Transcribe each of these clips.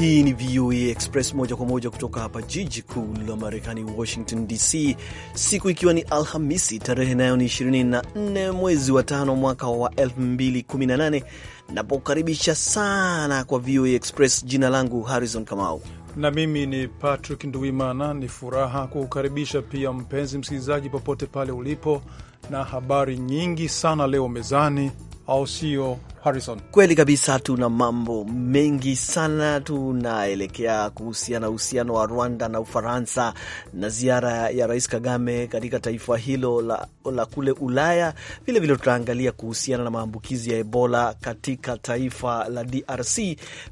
Hii ni VOA Express moja kwa moja kutoka hapa jiji kuu la Marekani, Washington DC, siku ikiwa ni Alhamisi, tarehe nayo ni 24 mwezi wa tano mwaka wa 2018. Napokaribisha sana kwa VOA Express. Jina langu Harrison Kamau na mimi ni Patrick Nduimana. Ni furaha kukukaribisha pia mpenzi msikilizaji, popote pale ulipo, na habari nyingi sana leo mezani, au sio? Harrison. Kweli kabisa, tuna mambo mengi sana tunaelekea kuhusiana uhusiano wa Rwanda na Ufaransa na ziara ya Rais Kagame katika taifa hilo la la kule Ulaya. Vilevile tutaangalia kuhusiana na maambukizi ya Ebola katika taifa la DRC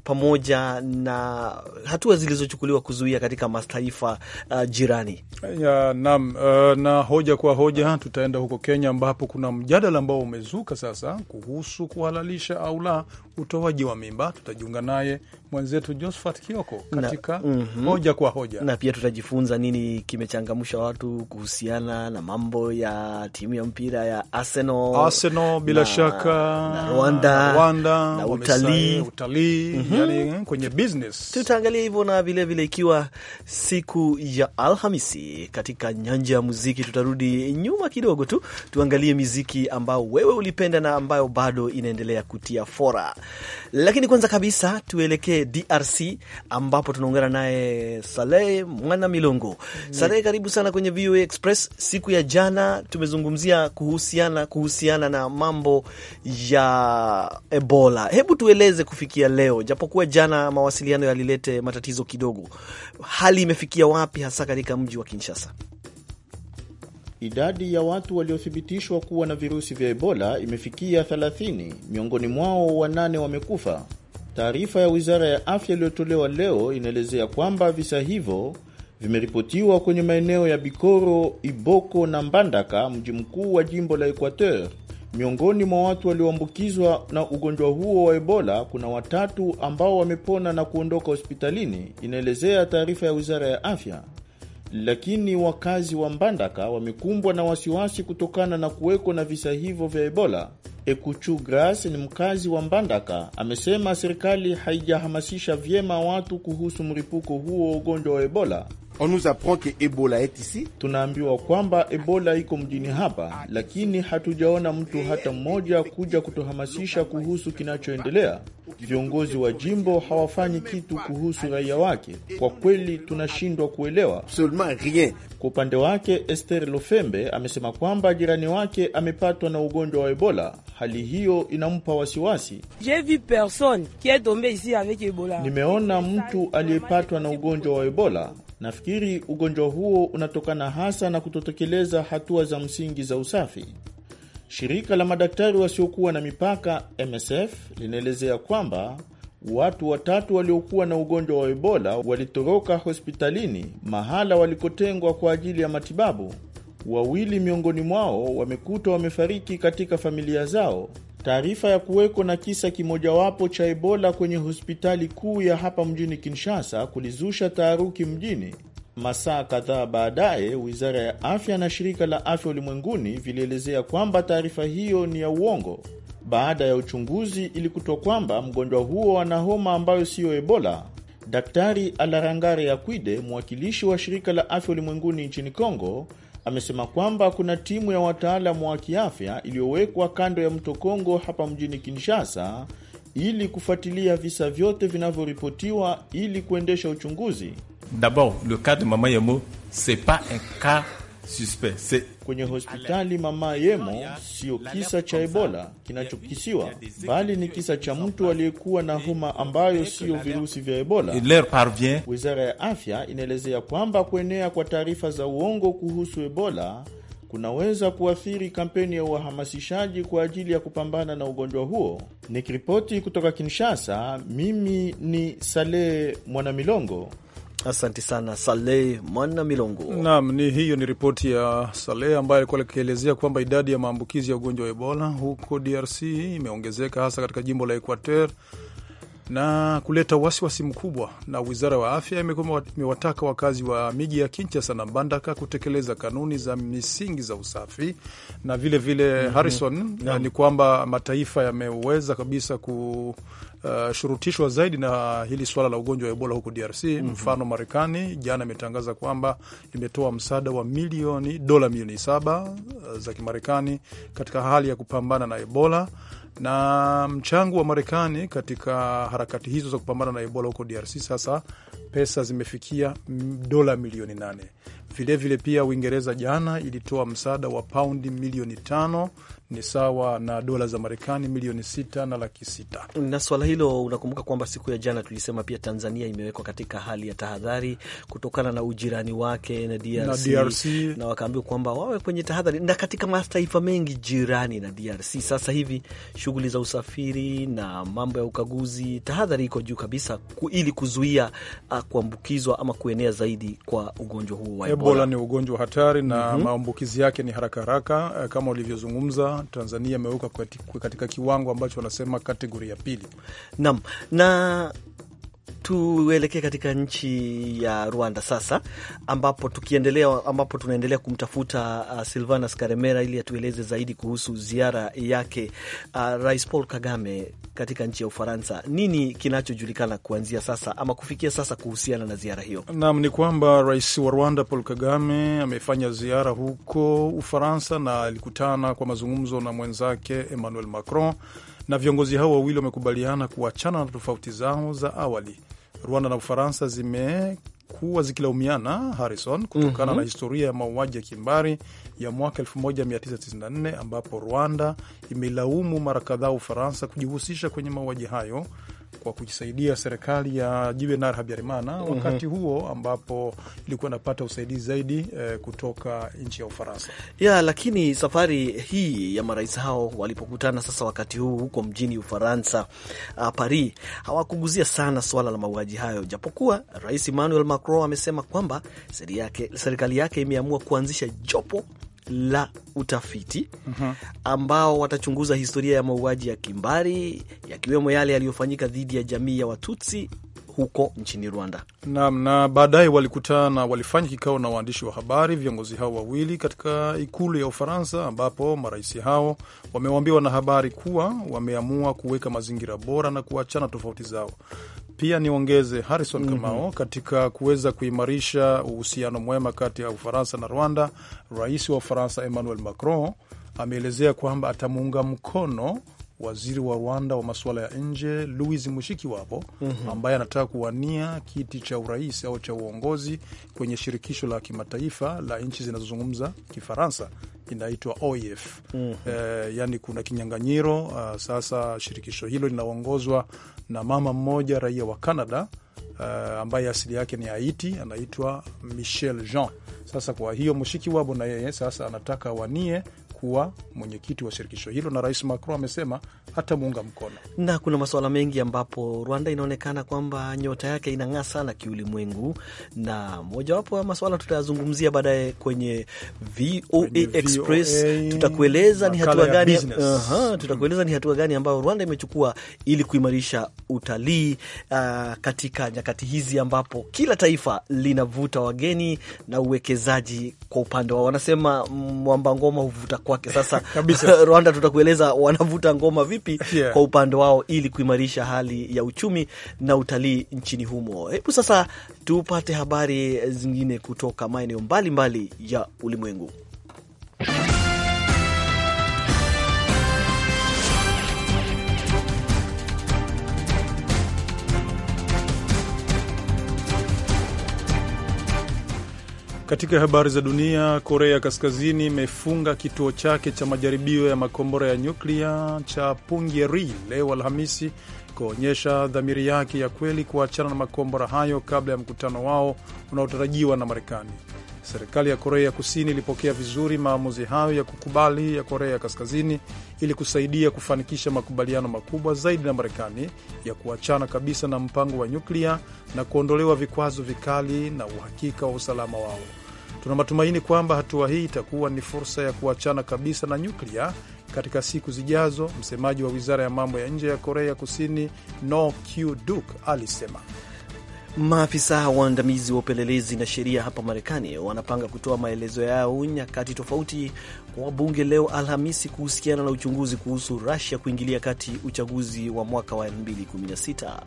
pamoja na hatua zilizochukuliwa kuzuia katika mataifa uh, jirani ya, nam, uh, na hoja kwa hoja tutaenda huko Kenya ambapo kuna mjadala ambao umezuka sasa kuhusu kuhalalisha au la utoaji wa mimba. Tutajiunga naye mwenzetu Josephat Kioko katika na, mm -hmm. hoja kwa hoja, na pia tutajifunza nini kimechangamsha watu kuhusiana na mambo ya timu ya mpira ya Arsenal, Arsenal bila na, shaka na Rwanda, Rwanda na utalii utalii, mm -hmm. yani eh, kwenye business tutaangalia hivyo, na vilevile ikiwa siku ya Alhamisi katika nyanja ya muziki, tutarudi nyuma kidogo tu tuangalie miziki ambao wewe ulipenda na ambayo bado inaendelea kutia fora, lakini kwanza kabisa tuelekee DRC ambapo tunaungana naye Saleh Mwana Milongo. Mm. Saleh, karibu sana kwenye VOA Express. Siku ya jana tumezungumzia kuhusiana kuhusiana na mambo ya Ebola. Hebu tueleze kufikia leo, japokuwa jana mawasiliano yalilete matatizo kidogo, hali imefikia wapi hasa katika mji wa Kinshasa? Idadi ya watu waliothibitishwa kuwa na virusi vya Ebola imefikia 30, miongoni mwao wanane wamekufa. Taarifa ya wizara ya afya iliyotolewa leo inaelezea kwamba visa hivyo vimeripotiwa kwenye maeneo ya Bikoro, Iboko na Mbandaka, mji mkuu wa jimbo la Equateur. Miongoni mwa watu walioambukizwa na ugonjwa huo wa Ebola kuna watatu ambao wamepona na kuondoka hospitalini, inaelezea taarifa ya wizara ya afya. Lakini wakazi wa Mbandaka wamekumbwa na wasiwasi kutokana na kuweko na visa hivyo vya Ebola. Ekuchu Gras ni mkazi wa Mbandaka, amesema serikali haijahamasisha vyema watu kuhusu mlipuko huo wa ugonjwa wa Ebola On nous apprend que Ebola est ici. Tunaambiwa kwamba Ebola iko mjini hapa, lakini hatujaona mtu hata mmoja kuja kutuhamasisha kuhusu kinachoendelea. Viongozi wa jimbo hawafanyi kitu kuhusu raia wake. Kwa kweli tunashindwa kuelewa. Kwa upande wake, Esther Lofembe amesema kwamba jirani wake amepatwa na ugonjwa wa Ebola. Hali hiyo inampa wasiwasi. Nimeona mtu aliyepatwa na ugonjwa wa Ebola Nafikiri ugonjwa huo unatokana hasa na kutotekeleza hatua za msingi za usafi. Shirika la madaktari wasiokuwa na mipaka MSF linaelezea kwamba watu watatu waliokuwa na ugonjwa wa Ebola walitoroka hospitalini mahala walikotengwa kwa ajili ya matibabu Wawili miongoni mwao wamekutwa wamefariki katika familia zao. Taarifa ya kuweko na kisa kimojawapo cha Ebola kwenye hospitali kuu ya hapa mjini Kinshasa kulizusha taharuki mjini. Masaa kadhaa baadaye, wizara ya afya na shirika la afya ulimwenguni vilielezea kwamba taarifa hiyo ni ya uongo. Baada ya uchunguzi, ilikutwa kwamba mgonjwa huo ana homa ambayo siyo Ebola. Daktari Alarangare Yakwide, mwakilishi wa shirika la afya ulimwenguni nchini congo amesema kwamba kuna timu ya wataalamu wa kiafya iliyowekwa kando ya mto Kongo hapa mjini Kinshasa ili kufuatilia visa vyote vinavyoripotiwa ili kuendesha uchunguzi. D'abord, le cas de Mama Yemo, c'est pas un cas suspect, c'est kwenye hospitali Mama Yemo sio kisa cha Ebola kinachokisiwa, bali ni kisa cha mtu aliyekuwa na homa ambayo siyo virusi vya Ebola. Wizara ya afya inaelezea kwamba kuenea kwa taarifa za uongo kuhusu Ebola kunaweza kuathiri kampeni ya uhamasishaji kwa ajili ya kupambana na ugonjwa huo. Nikiripoti kutoka Kinshasa, mimi ni Saleh Mwanamilongo. Asante sana Saleh Mwana Milongo. Naam, ni hiyo ni ripoti ya Saleh ambayo alikuwa akielezea kwamba idadi ya maambukizi ya ugonjwa wa Ebola huko DRC imeongezeka hasa katika jimbo la Equateur na kuleta wasiwasi mkubwa. Na wizara ya afya imekuwa imewataka wakazi wa miji ya kinchasa na Mbandaka kutekeleza kanuni za misingi za usafi, na vilevile vile mhm. Harrison, mm -hmm. ni kwamba mataifa yameweza kabisa ku Uh, shurutishwa zaidi na hili swala la ugonjwa wa Ebola huku DRC. mm -hmm. Mfano, Marekani jana imetangaza kwamba imetoa msaada wa milioni dola milioni saba uh, za Kimarekani katika hali ya kupambana na Ebola na mchango wa Marekani katika harakati hizo za kupambana na Ebola huko DRC, sasa pesa zimefikia dola milioni nane. Vilevile pia Uingereza jana ilitoa msaada wa paundi milioni tano ni sawa na dola za Marekani milioni sita na laki sita. Na swala hilo, unakumbuka kwamba siku ya jana tulisema pia Tanzania imewekwa katika hali ya tahadhari kutokana na ujirani wake na DRC, na DRC na wakaambiwa kwamba wawe kwenye tahadhari, na katika mataifa mengi jirani na DRC sasa hivi shughuli za usafiri na mambo ya ukaguzi, tahadhari iko juu kabisa, ili kuzuia ah, kuambukizwa ama kuenea zaidi kwa ugonjwa huo wa Ebola ni ugonjwa wa hatari na mm -hmm. maambukizi yake ni haraka haraka eh, kama ulivyozungumza. Tanzania imewekwa katika kiwango ambacho wanasema kategori ya pili. Naam, na Tuelekee katika nchi ya Rwanda sasa, ambapo tukiendelea, ambapo tunaendelea kumtafuta uh, Silvanus Karemera ili atueleze zaidi kuhusu ziara yake uh, Rais Paul Kagame katika nchi ya Ufaransa. Nini kinachojulikana kuanzia sasa ama kufikia sasa kuhusiana na ziara hiyo? Naam, ni kwamba rais wa Rwanda Paul Kagame amefanya ziara huko Ufaransa na alikutana kwa mazungumzo na mwenzake Emmanuel Macron na viongozi hao wawili wamekubaliana kuachana na tofauti zao za awali. Rwanda na Ufaransa zimekuwa zikilaumiana Harrison, kutokana mm -hmm. na mhm. historia ya mauaji ya kimbari ya mwaka 1994 ambapo Rwanda imelaumu mara kadhaa Ufaransa kujihusisha kwenye mauaji hayo kwa kujisaidia serikali ya Juvenal Habyarimana mm -hmm. wakati huo ambapo ilikuwa inapata usaidizi zaidi e, kutoka nchi ya Ufaransa ya. Lakini safari hii ya marais hao walipokutana sasa wakati huu huko mjini Ufaransa uh, Paris, hawakuguzia sana swala la mauaji hayo, japokuwa Rais Emmanuel Macron amesema kwamba serikali yake imeamua kuanzisha jopo la utafiti mhm. ambao watachunguza historia ya mauaji ya kimbari yakiwemo yale yaliyofanyika dhidi ya jamii ya Watutsi huko nchini Rwanda. Naam, na, na baadaye walikutana, walifanya kikao na waandishi wa habari viongozi hao wawili katika ikulu ya Ufaransa, ambapo marais hao wamewaambia wanahabari kuwa wameamua kuweka mazingira bora na kuachana tofauti zao. Pia niongeze Harrison mhm. Kamao, mm -hmm. katika kuweza kuimarisha uhusiano mwema kati ya Ufaransa na Rwanda, rais wa Ufaransa Emmanuel Macron ameelezea kwamba atamuunga mkono waziri wa Rwanda wa masuala ya nje Louis Mushikiwabo mm -hmm. ambaye anataka kuwania kiti cha urais au cha uongozi kwenye shirikisho la kimataifa la nchi zinazozungumza Kifaransa inaitwa OIF. mm -hmm. E, mhm. eh, yani kuna kinyang'anyiro uh, sasa shirikisho hilo linaongozwa na mama mmoja raia wa Canada uh, ambaye asili yake ni Haiti, anaitwa Michel Jean. Sasa kwa hiyo wabo na yeye sasa anataka wanie kuwa mwenyekiti wa shirikisho hilo, na Rais Macron amesema hatamuunga mkono. Na kuna masuala mengi ambapo Rwanda inaonekana kwamba nyota yake inang'aa sana kiulimwengu, na mojawapo ya masuala tutayazungumzia baadaye kwenye VOA Express. Tutakueleza ni hatua gani, uh -huh, tutakueleza ni hatua gani ambayo Rwanda imechukua ili kuimarisha utalii uh, katika nyakati hizi ambapo kila taifa linavuta wageni na uwekezaji. Kwa upande wao wanasema mwamba ngoma huvuta kwake sasa Rwanda tutakueleza wanavuta ngoma vipi yeah, kwa upande wao ili kuimarisha hali ya uchumi na utalii nchini humo. Hebu sasa tupate habari zingine kutoka maeneo mbalimbali ya ulimwengu. Katika habari za dunia, Korea Kaskazini imefunga kituo chake cha majaribio ya makombora ya nyuklia cha Punggye-ri leo Alhamisi kuonyesha dhamiri yake ya kweli kuachana na makombora hayo kabla ya mkutano wao unaotarajiwa na Marekani. Serikali ya Korea ya Kusini ilipokea vizuri maamuzi hayo ya kukubali ya Korea ya Kaskazini ili kusaidia kufanikisha makubaliano makubwa zaidi na Marekani ya kuachana kabisa na mpango wa nyuklia na kuondolewa vikwazo vikali na uhakika wa usalama wao. Tuna matumaini kwamba hatua hii itakuwa ni fursa ya kuachana kabisa na nyuklia katika siku zijazo, msemaji wa wizara ya mambo ya nje ya Korea ya Kusini No Q Duk alisema. Maafisa waandamizi wa upelelezi na sheria hapa Marekani wanapanga kutoa maelezo yao nyakati tofauti kwa wabunge leo Alhamisi kuhusiana na uchunguzi kuhusu rasia kuingilia kati uchaguzi wa mwaka wa 2016.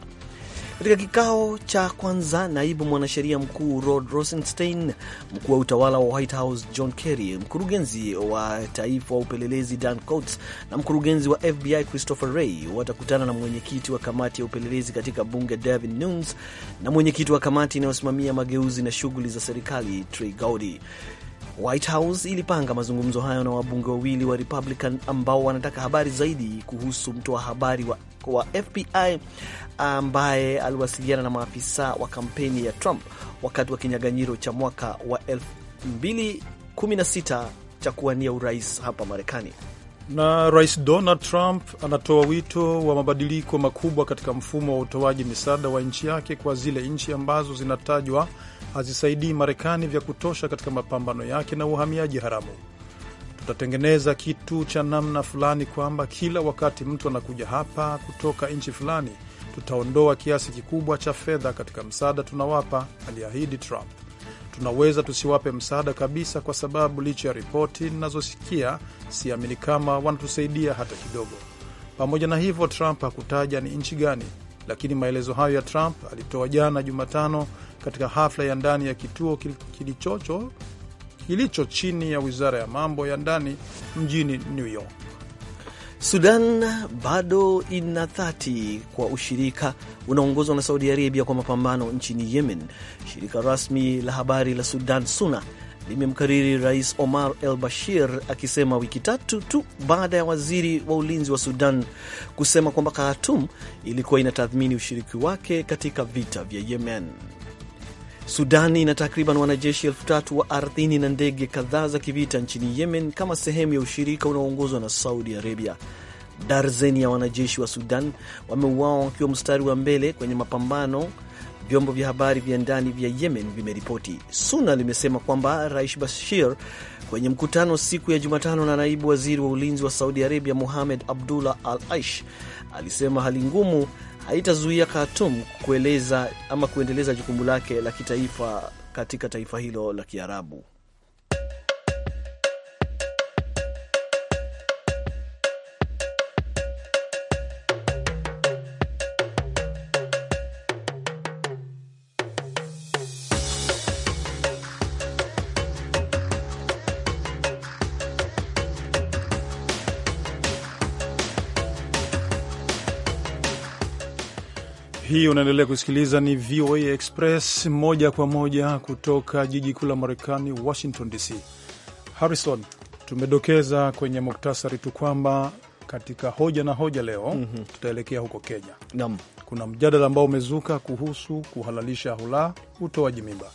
Katika kikao cha kwanza, naibu mwanasheria mkuu Rod Rosenstein, mkuu wa utawala wa White House John Kerry, mkurugenzi wa taifa wa upelelezi Dan Coats na mkurugenzi wa FBI Christopher Wray watakutana na mwenyekiti wa kamati ya upelelezi katika bunge Devin Nunes na mwenyekiti wa kamati inayosimamia mageuzi na shughuli za serikali Trey Gowdy. White House ilipanga mazungumzo hayo na wabunge wawili wa Republican ambao wanataka habari zaidi kuhusu mtoa habari wa, wa FBI ambaye aliwasiliana na maafisa wa kampeni ya Trump wakati wa kinyaganyiro cha mwaka wa 2016 cha kuwania urais hapa Marekani. Na Rais Donald Trump anatoa wito wa mabadiliko makubwa katika mfumo wa utoaji misaada wa nchi yake kwa zile nchi ambazo zinatajwa hazisaidii Marekani vya kutosha katika mapambano yake na uhamiaji haramu. Tutatengeneza kitu cha namna fulani kwamba kila wakati mtu anakuja hapa kutoka nchi fulani, tutaondoa kiasi kikubwa cha fedha katika msaada tunawapa, aliahidi Trump. Tunaweza tusiwape msaada kabisa, kwa sababu licha ya ripoti ninazosikia, siamini kama wanatusaidia hata kidogo. Pamoja na hivyo, Trump hakutaja ni nchi gani, lakini maelezo hayo ya Trump alitoa jana Jumatano katika hafla ya ndani ya kituo kilichocho kilicho chini ya wizara ya mambo ya ndani mjini New York. Sudan bado ina dhati kwa ushirika unaoongozwa na Saudi Arabia kwa mapambano nchini Yemen. Shirika rasmi la habari la Sudan Suna limemkariri Rais Omar El Bashir akisema wiki tatu tu baada ya waziri wa ulinzi wa Sudan kusema kwamba Khartoum ilikuwa inatathmini ushiriki wake katika vita vya Yemen sudani ina takriban wanajeshi elfu tatu wa ardhini na ndege kadhaa za kivita nchini Yemen kama sehemu ya ushirika unaoongozwa na Saudi Arabia. Darzeni ya wanajeshi wa Sudan wameuawa wakiwa mstari wa mbele kwenye mapambano, vyombo vya habari vya ndani vya Yemen vimeripoti. Suna limesema kwamba Rais Bashir kwenye mkutano siku ya Jumatano na naibu waziri wa ulinzi wa Saudi Arabia muhamed Abdullah Al Aish alisema hali ngumu haitazuia Khartoum kueleza ama kuendeleza jukumu lake la kitaifa katika taifa hilo la Kiarabu. hii unaendelea kusikiliza ni VOA Express moja kwa moja kutoka jiji kuu la Marekani, Washington DC. Harrison, tumedokeza kwenye muktasari tu kwamba katika hoja na hoja leo mm -hmm. tutaelekea huko Kenya. Naam. Kuna mjadala ambao umezuka kuhusu kuhalalisha hula utoaji mimba.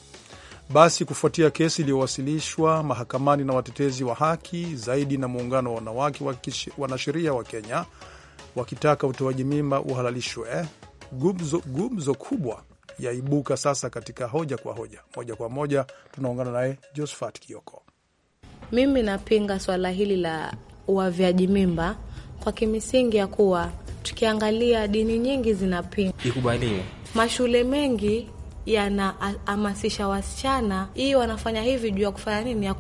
Basi kufuatia kesi iliyowasilishwa mahakamani na watetezi wa haki zaidi na muungano wa wanawake wanasheria wa Kenya wakitaka utoaji mimba uhalalishwe eh? gumzo, gumzo kubwa yaibuka sasa katika hoja kwa hoja. Moja kwa moja tunaungana naye Josephat Kioko. Mimi napinga swala hili la uavyaji mimba kwa kimisingi ya kuwa tukiangalia dini nyingi zinapinga, ikubaliwe. Mashule mengi yanahamasisha wasichana, hii wanafanya hivi juu ya kufanya nini? Ya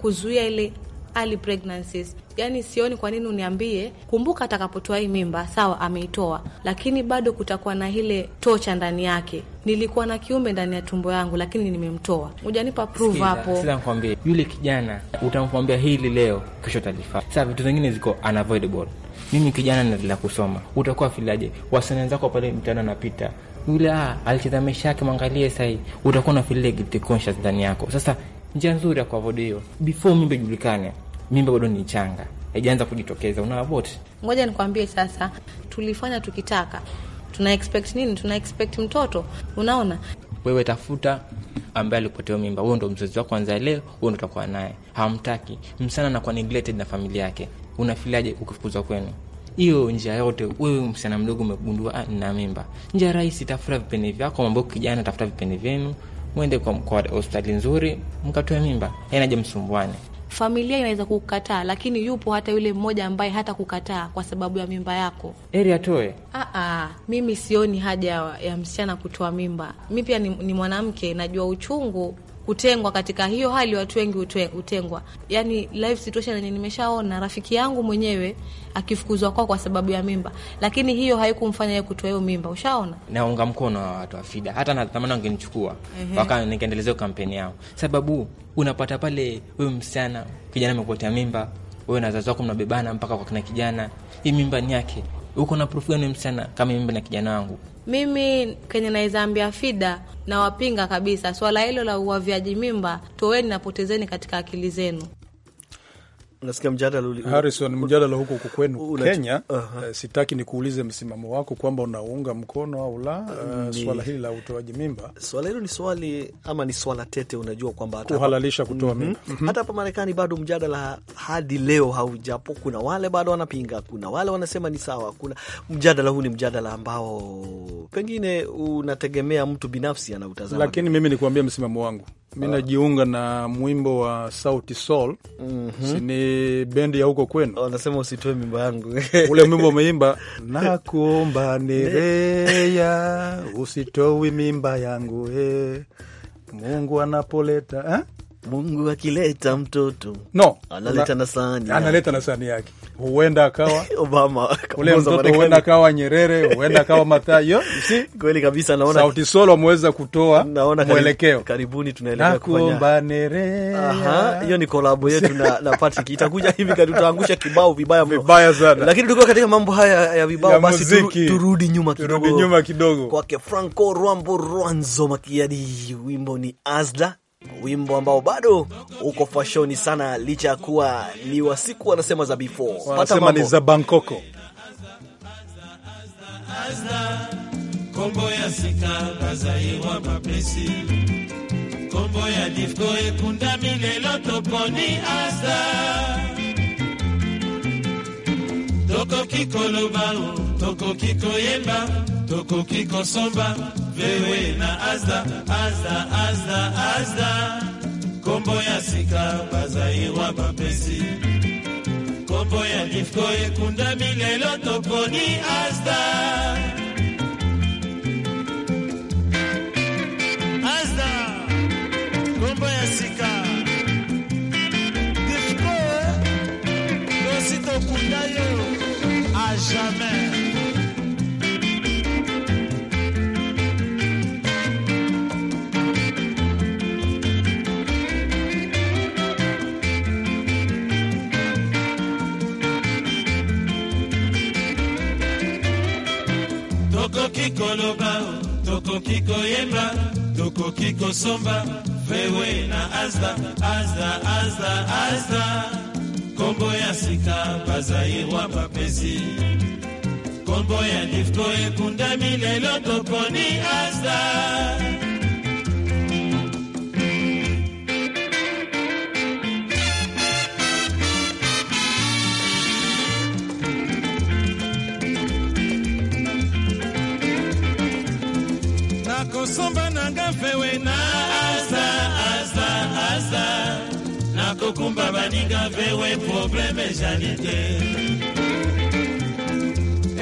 kuzuia ile early pregnancies yani sioni kwa nini uniambie. Kumbuka atakapotoa hii mimba, sawa, ameitoa, lakini bado kutakuwa na ile tocha ndani yake. Nilikuwa na kiumbe ndani ya tumbo yangu, lakini nimemtoa. Hujanipa prove hapo. Sasa nakwambia yule kijana, utamwambia hili leo, kesho talifaa. Sasa vitu vingine ziko unavoidable. Mimi kijana naendelea kusoma, utakuwa filaje? Wasichana wenzako pale mtaani anapita yule, ah, alicheza maisha yake, mwangalie sahii, utakuwa na feel guilty conscious ndani yako. Sasa njia nzuri ya kuavoid hiyo before mimba ijulikane mimba bado ni changa, haijaanza kujitokeza, una abort. Ngoja nikwambie sasa, tulifanya tukitaka, tuna expect nini? Tuna expect mtoto. Unaona, wewe tafuta ambaye alipotewa mimba, huo ndo mzazi wako anza leo huo ndo utakuwa naye. Hamtaki msichana anakuwa neglected na familia yake, Unafiliaje ukifukuzwa kwenu? Hiyo njia yote, wewe msichana mdogo umegundua ah, na mimba, njia rahisi, tafuta vipene vyako, mambo kijana, tafuta vipene vyenu, mwende kwa hospitali nzuri, mkatoe mimba, yanaje, msumbuane familia inaweza kukataa, lakini yupo hata yule mmoja ambaye hata kukataa kwa sababu ya mimba yako heri atoe. mimi sioni haja ya msichana kutoa mimba. Mi pia ni, ni mwanamke, najua uchungu kutengwa katika hiyo hali, watu wengi hutengwa. Yani life situation yenye nimeshaona rafiki yangu mwenyewe akifukuzwa kwao kwa sababu ya mimba, lakini hiyo haikumfanya yeye kutoa hiyo mimba. Ushaona, naunga mkono wa watu wa FIDA, hata natamani wangenichukua waka nikaendelezea kampeni yao, sababu unapata pale wewe msichana, kijana amekuotea mimba, wewe na wazazi wako mnabebana mpaka kwa kina kijana, hii mimba ni yake, uko na profu gani msichana, kama mimba na kijana wangu mimi kenye naweza ambia FIDA nawapinga kabisa swala hilo la uavyaji mimba, toweni na potezeni katika akili zenu. Nasikia mjadala uli... Harrison, mjadala huko huko kwenu Una... Kenya uh eh, -huh. Sitaki nikuulize msimamo wako kwamba unaunga mkono au la uh, ni... swala hili la utoaji mimba. Swala hilo ni swali ama ni swala tete, unajua kwamba hata kuhalalisha kutoa mhm. mimba mm -hmm. hata hapa Marekani bado mjadala hadi leo haujapo. Kuna wale bado wanapinga, kuna wale wanasema ni sawa. Kuna mjadala huu, ni mjadala ambao pengine unategemea mtu binafsi anautazama, lakini mimi nikuambia msimamo wangu mi najiunga na mwimbo wa Sauti Sol. mm -hmm. Sini bendi ya huko kwenu wanasema oh, usitoe mimba yangu ule mwimbo umeimba, nakuomba nerea, usitoi mimba yangu eh. Mungu anapoleta eh? Mungu akileta mtoto no, analeta na sahani, analeta na sahani yake. Huenda akawa Obama ule mtoto, huenda akawa Nyerere, huenda akawa Mathayo. Si kweli kabisa, naona sauti solo ameweza kutoa naona mwelekeo. Karibuni tunaelekea kufanya aha, hiyo ni kolabo yetu na, na Patrick itakuja hivi karibu, tutaangusha kibao vibaya mno, vibaya sana. Lakini tulikuwa katika mambo haya ya vibao, basi turudi nyuma kidogo, turudi nyuma kidogo kwake Franco Rambo Rwanzo Makiadi, wimbo ni Azda wimbo ambao bado uko fashoni sana, licha ya kuwa ni wasiku wanasema za before, wanasema ni za Bangkoko kombo ya sika bazaiwa mapesi kombo ya difko ekundami lelo toponi aza tokoki koloba tokoki koyemba tokoki kosomba vewe na azda azda azda azda kombo ya sika bazairwa bapesi kombo ya difko ekundami lelo toponi azda azda kombo ya sika difko tosi tokunda yo a jamais kiko somba, vewe na azda azda azda azda kombo ya sika bazairwa papezi. kombo ya difko kunda lelo toponi azda kosomba fewe na asta asta na nakokumba baninga fewe probleme ezali te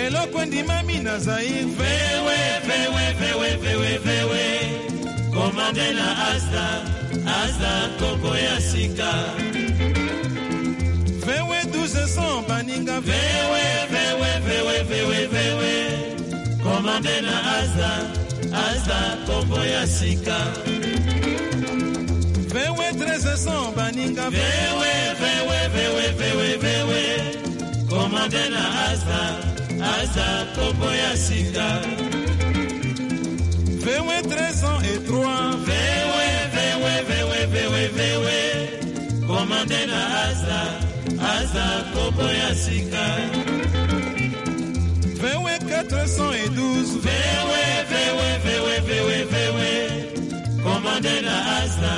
eloko endimami nazai fewe fewe fewe fewe fewe komande na asta asta koko ya sika fewe 1200 baninga fewe fewe fewe fewe fewe komande na asta aza kombo ya sika vewe 1300 baninga vewe vewe vewe vewe vewe komande na aza aza kombo ya sika vewe 303 vewe vewe vewe vewe vewe komande na aza aza kombo ya sika 412 vewe vewe vewe vewe vewe komande na aza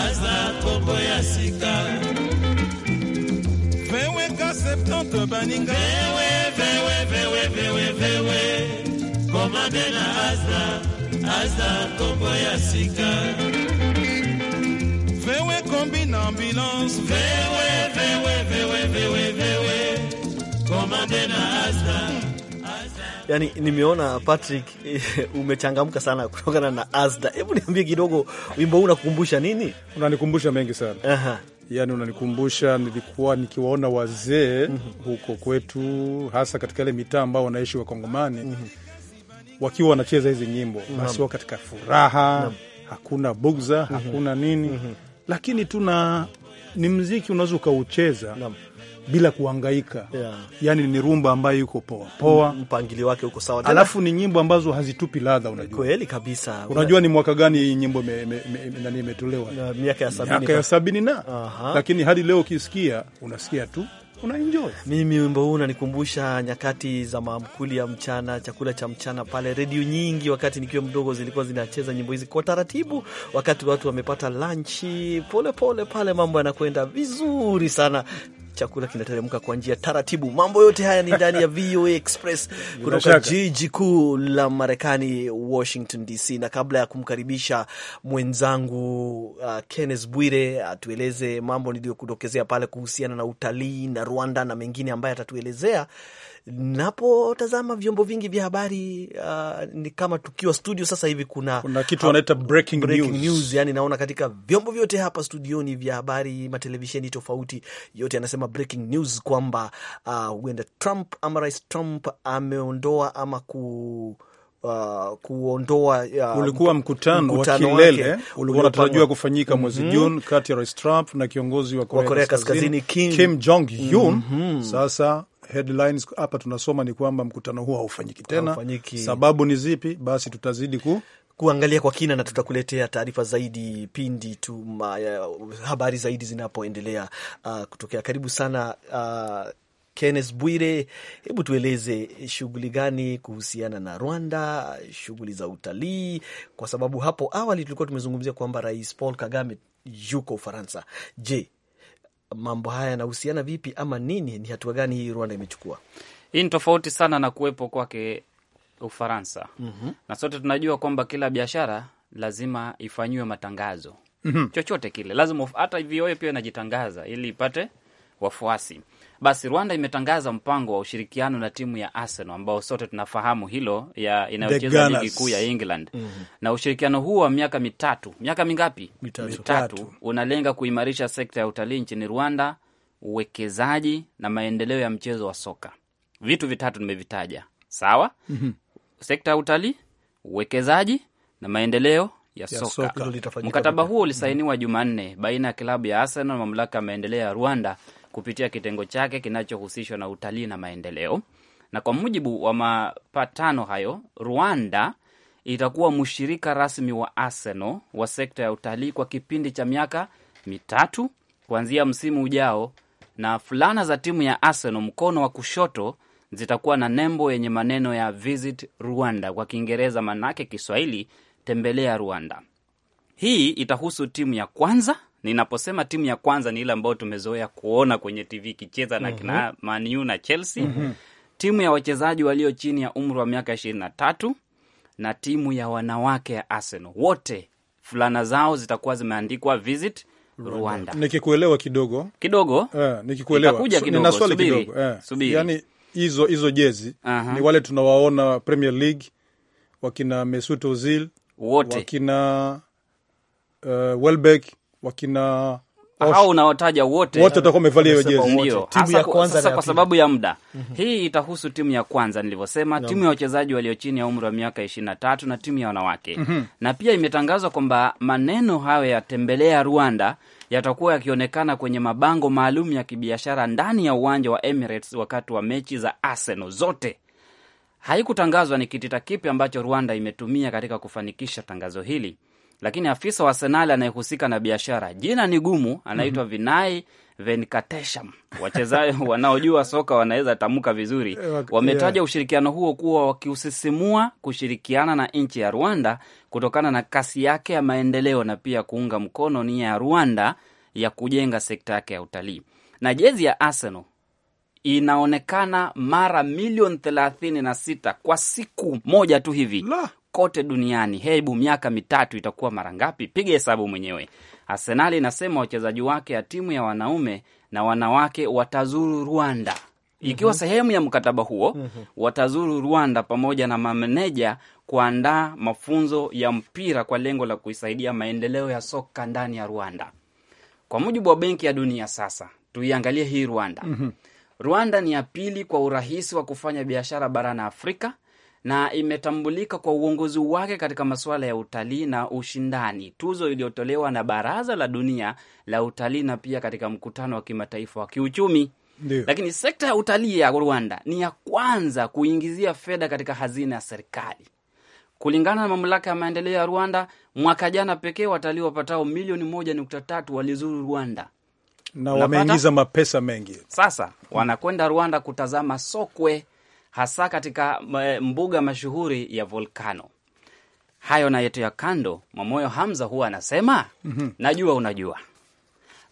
aza kombo ya sika vewe ka 70 baninga vewe vewe vewe vewe vewe komande na aza aza kombo ya sika vewe kombi ambulance vewe vewe vewe vewe vewe komande na aza Yani nimeona Patrick umechangamka sana kutokana na Asda. Hebu niambie kidogo, wimbo huu unakukumbusha nini? Unanikumbusha mengi sana. Aha. Yani unanikumbusha nilikuwa nikiwaona wazee mm -hmm. huko kwetu, hasa katika ile mitaa ambao wanaishi Wakongomani mm -hmm. wakiwa wanacheza hizi nyimbo mm -hmm. basi wao katika furaha mm -hmm. hakuna bugza mm -hmm. hakuna nini mm -hmm. lakini tuna ni mziki unaweza ukaucheza mm -hmm bila kuangaika yeah. Yani ni rumba ambayo yuko poa poa, mm, mpangilio wake uko sawa, alafu ni nyimbo ambazo hazitupi ladha. Unajua kweli kabisa, unajua ni mwaka gani hii nyimbo nani imetolewa? Miaka ya sabini, miaka ya sabini na Aha. Lakini hadi leo ukisikia unasikia tu enjoy. Mimi wimbo huu unanikumbusha nyakati za maamkuli ya mchana, chakula cha mchana pale. Redio nyingi wakati nikiwa mdogo zilikuwa zinacheza nyimbo hizi kwa taratibu, wakati watu wamepata lanchi, polepole pale, mambo yanakwenda vizuri sana chakula kinateremka kwa njia taratibu. Mambo yote haya ni ndani ya VOA Express kutoka jiji kuu la Marekani, Washington DC. Na kabla ya kumkaribisha mwenzangu uh, Kenneth Bwire atueleze mambo niliyokudokezea pale kuhusiana na utalii na Rwanda na mengine ambayo atatuelezea napotazama vyombo vingi vya habari uh, ni kama tukiwa studio sasa hivi kuna, kuna kitu wanaita breaking, breaking news. News, yani naona katika vyombo vyote hapa studioni vya habari, matelevisheni tofauti yote anasema breaking news kwamba uh, huenda uh, Trump ama Rais Trump ameondoa ama ku Uh, kuondoa uh, ulikuwa mkutano, mkutano wa kilele ulikuwa unatarajiwa kufanyika mhm. mwezi mm -hmm. Juni kati ya Rais Trump na kiongozi wa Korea, Korea Kaskazini, Kaskazini Kim, Kim Jong Un mm -hmm. Sasa headlines hapa tunasoma ni kwamba mkutano huo haufanyiki tena. Sababu ni zipi? Basi tutazidi ku kuangalia kwa kina na tutakuletea taarifa zaidi pindi tu habari zaidi zinapoendelea uh, kutokea. Karibu sana uh, Kenneth Bwire, hebu tueleze shughuli gani kuhusiana na Rwanda, shughuli za utalii, kwa sababu hapo awali tulikuwa tumezungumzia kwamba Rais Paul Kagame yuko Ufaransa. Je, mambo haya yanahusiana vipi ama nini? Ni hatua gani hii Rwanda imechukua? Hii ni tofauti sana na kuwepo kwake Ufaransa. mm -hmm. Na sote tunajua kwamba kila biashara lazima ifanyiwe matangazo. mm -hmm. Chochote kile lazima, hata VOA pia inajitangaza ili ipate wafuasi. Basi Rwanda imetangaza mpango wa ushirikiano na timu ya Arsenal ambao sote tunafahamu hilo ya inayocheza ligi kuu ya England mm -hmm. na ushirikiano huo wa miaka mitatu, miaka mingapi? Mitatu, mitatu, unalenga kuimarisha sekta ya utalii nchini Rwanda, uwekezaji na maendeleo ya mchezo wa soka. Vitu vitatu nimevitaja, sawa mm -hmm. sekta ya utalii, uwekezaji na maendeleo ya soka. Mkataba huo ulisainiwa mhm. Jumanne baina ya klabu ya Arsenal, mamlaka ya maendeleo ya Rwanda kupitia kitengo chake kinachohusishwa na utalii na maendeleo. Na kwa mujibu wa mapatano hayo, Rwanda itakuwa mshirika rasmi wa Arsenal wa sekta ya utalii kwa kipindi cha miaka mitatu kuanzia msimu ujao, na fulana za timu ya Arsenal mkono wa kushoto zitakuwa na nembo yenye maneno ya visit Rwanda kwa Kiingereza, manake Kiswahili tembelea Rwanda. Hii itahusu timu ya kwanza Ninaposema timu ya kwanza ni ile ambayo tumezoea kuona kwenye TV ikicheza na kina mm -hmm. Man U na Chelsea mm -hmm. timu ya wachezaji walio chini ya umri wa miaka ishirini na tatu na timu ya wanawake ya Arsenal, wote fulana zao zitakuwa zimeandikwa visit Rwanda. Nikikuelewa kidogo kidogo, eh, nikikuelewa nina swali kidogo eh. Yani hizo hizo jezi uh -huh. ni wale tunawaona Premier League wakina Mesut Ozil wote wakina uh, Welbeck wakina hao unawataja wote wote watakuwa wamevalia jezi timu ya kwanza. Sasa kwa sababu ya muda mm -hmm. hii itahusu timu ya kwanza nilivyosema, no. timu ya wachezaji walio chini ya umri wa miaka ishirini na tatu na timu ya wanawake mm -hmm. na pia imetangazwa kwamba maneno hayo ya tembelea Rwanda yatakuwa yakionekana kwenye mabango maalum ya kibiashara ndani ya uwanja wa Emirates wakati wa mechi za Arsenal zote. Haikutangazwa ni kitita kipi ambacho Rwanda imetumia katika kufanikisha tangazo hili lakini afisa wa Arsenal anayehusika na biashara, jina ni gumu, anaitwa mm -hmm. Vinai Venkatesham. Wachezaji wanaojua soka wanaweza tamka vizuri, eh, wametaja ushirikiano huo kuwa wakiusisimua, kushirikiana na nchi ya Rwanda kutokana na kasi yake ya maendeleo na pia kuunga mkono nia ya Rwanda ya kujenga sekta yake ya utalii. Na jezi ya Arsenal inaonekana mara milioni thelathini na sita kwa siku moja tu hivi La kote duniani. Hebu miaka mitatu itakuwa mara ngapi? Piga hesabu mwenyewe. Arsenal inasema wachezaji wake ya timu ya wanaume na wanawake watazuru Rwanda ikiwa mhm. sehemu ya mkataba huo. Mhm. Watazuru Rwanda pamoja na mameneja kuandaa mafunzo ya mpira kwa lengo la kuisaidia maendeleo ya soka ndani ya Rwanda. Kwa mujibu wa Benki ya Dunia, sasa tuiangalie hii Rwanda. Mhm. Rwanda ni ya pili kwa urahisi wa kufanya biashara barani Afrika na imetambulika kwa uongozi wake katika masuala ya utalii na ushindani, tuzo iliyotolewa na Baraza la Dunia la Utalii na pia katika mkutano wa kimataifa wa kiuchumi. Ndiyo. Lakini sekta ya utalii ya Rwanda ni ya kwanza kuingizia fedha katika hazina ya serikali. Kulingana na mamlaka ya maendeleo ya Rwanda, mwaka jana pekee watalii wapatao milioni moja nukta tatu walizuru Rwanda na wameingiza mapesa mengi. Sasa wanakwenda Rwanda kutazama sokwe hasa katika eh, mbuga mashuhuri ya volkano. Hayo na yetu ya kando, Mwamoyo Hamza huwa anasema mm -hmm. Najua unajua,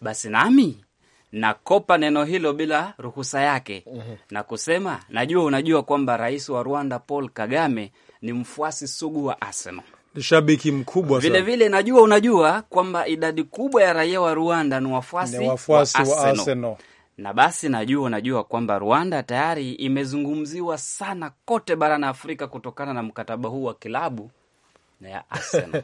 basi nami nakopa neno hilo bila ruhusa yake mm -hmm. na kusema najua unajua kwamba rais wa Rwanda Paul Kagame ni mfuasi sugu wa Arsenal, shabiki mkubwa vile vile. Najua unajua kwamba idadi kubwa ya raia wa Rwanda ni wafuasi, wafuasi wa Arsenal na basi najua unajua kwamba Rwanda tayari imezungumziwa sana kote barani Afrika kutokana na mkataba huu wa kilabu naya ya Arsenal.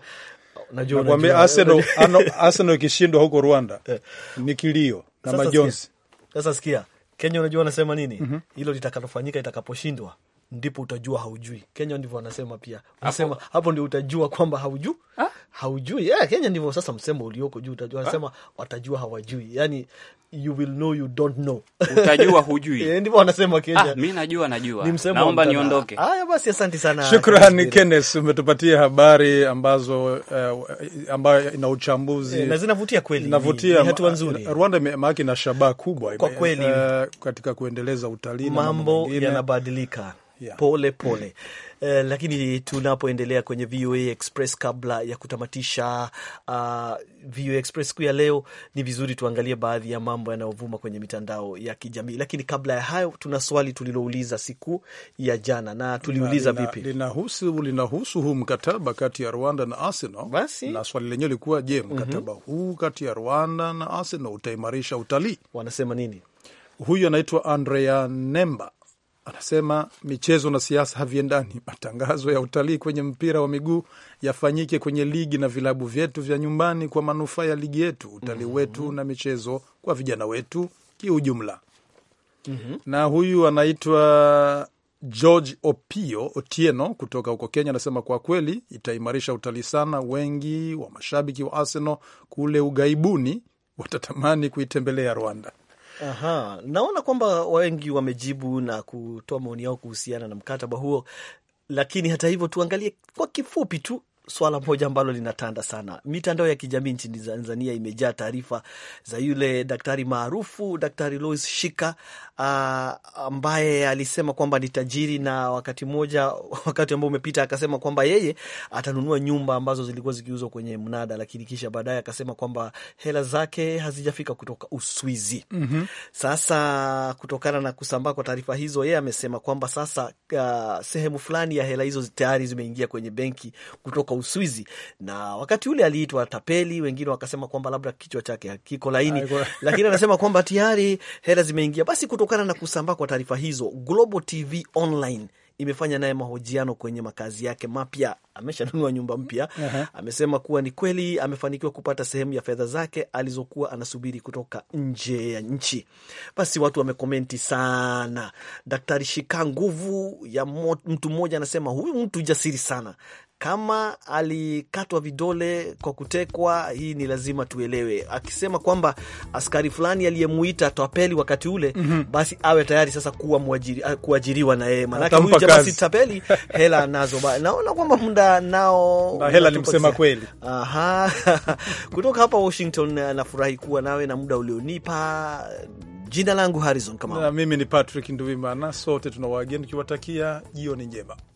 Arsenal, ikishindwa huko Rwanda eh. ni kilio na majonzi. Sasa sikia, Kenya unajua wanasema nini? mm hilo litakalofanyika itakaposhindwa ndipo utajua haujui. Kenya ndivyo wanasema pia, wanasema hapo ndio utajua kwamba haujui ha? Ah, haujui yeah, Kenya ndivyo sasa msemo ulioko juu, wanasema watajua hawajui, yani you will know you don't know, utajua hujui. yeah, ndivyo wanasema Kenya. Ah, mimi najua najua, naomba niondoke. Haya basi, asante sana, shukrani Kenneth, umetupatia habari ambazo uh, ambayo ina uchambuzi yeah, na zinavutia kweli, hatua nzuri. Rwanda imemaki na shabaha kubwa kwa kweli, uh, katika kuendeleza utalii, mambo yanabadilika yeah. pole pole uh, lakini tunapoendelea kwenye VOA Express kabla ya kutamatisha uh, ah, VOA Express siku ya leo, ni vizuri tuangalie baadhi ya mambo yanayovuma kwenye mitandao ya kijamii. Lakini kabla ya hayo, tuna swali tulilouliza siku ya jana na tuliuliza lina, vipi linahusu linahusu huu mkataba kati ya Rwanda na Arsenal. Basi, na swali lenyewe likuwa je, mhm. mkataba mm -hmm. huu kati ya Rwanda na Arsenal utaimarisha utalii? Wanasema nini? Huyu anaitwa Andrea Nemba anasema michezo na siasa haviendani. Matangazo ya utalii kwenye mpira wa miguu yafanyike kwenye ligi na vilabu vyetu vya nyumbani kwa manufaa ya ligi yetu, utalii mm -hmm. wetu na michezo kwa vijana wetu kiujumla. mm -hmm. na huyu anaitwa George Opio Otieno kutoka huko Kenya anasema kwa kweli itaimarisha utalii sana. Wengi wa mashabiki wa Arsenal kule ughaibuni watatamani kuitembelea Rwanda. Aha. Naona kwamba wengi wamejibu na kutoa maoni yao kuhusiana na mkataba huo, lakini hata hivyo tuangalie kwa kifupi tu swala moja ambalo linatanda sana mitandao ya kijamii nchini Tanzania imejaa taarifa za yule daktari maarufu Daktari Louis Shika uh, ambaye alisema kwamba ni tajiri, na wakati mmoja, wakati ambao umepita, akasema kwamba yeye atanunua nyumba ambazo zilikuwa zikiuzwa kwenye mnada, lakini kisha baadaye akasema kwamba hela zake hazijafika kutoka Uswizi. mm -hmm. Sasa kutokana na kusambaa kwa taarifa hizo, yeye amesema kwamba sasa, uh, sehemu fulani ya hela hizo tayari zimeingia kwenye benki kutoka kutoka Uswizi, na wakati ule aliitwa tapeli, wengine wakasema kwamba labda kichwa chake hakiko laini, lakini anasema kwamba tayari hela zimeingia. Basi kutokana na kusambaa kwa taarifa hizo, Global TV Online imefanya naye mahojiano kwenye makazi yake mapya. Ameshanunua nyumba mpya. uh -huh. Amesema kuwa ni kweli amefanikiwa kupata sehemu ya fedha zake alizokuwa anasubiri kutoka nje ya nchi. Basi watu wamekomenti sana. Daktari Shika Nguvu ya mtu mmoja anasema, huyu mtu jasiri sana, kama alikatwa vidole kwa kutekwa, hii ni lazima tuelewe, akisema kwamba askari fulani aliyemuita tapeli wakati ule mm -hmm. basi awe tayari sasa kuwa mwajiri, kuajiriwa na yeye, maanake huyu jamaa si tapeli, hela anazo. Naona kwamba muda nao na hela alimsema kweli. Aha. Kutoka hapa Washington, eh, nafurahi kuwa nawe na muda ulionipa. Jina langu Harrison Kamau, mimi ni Patrick Nduwimana, sote tuna wageni tukiwatakia jioni njema.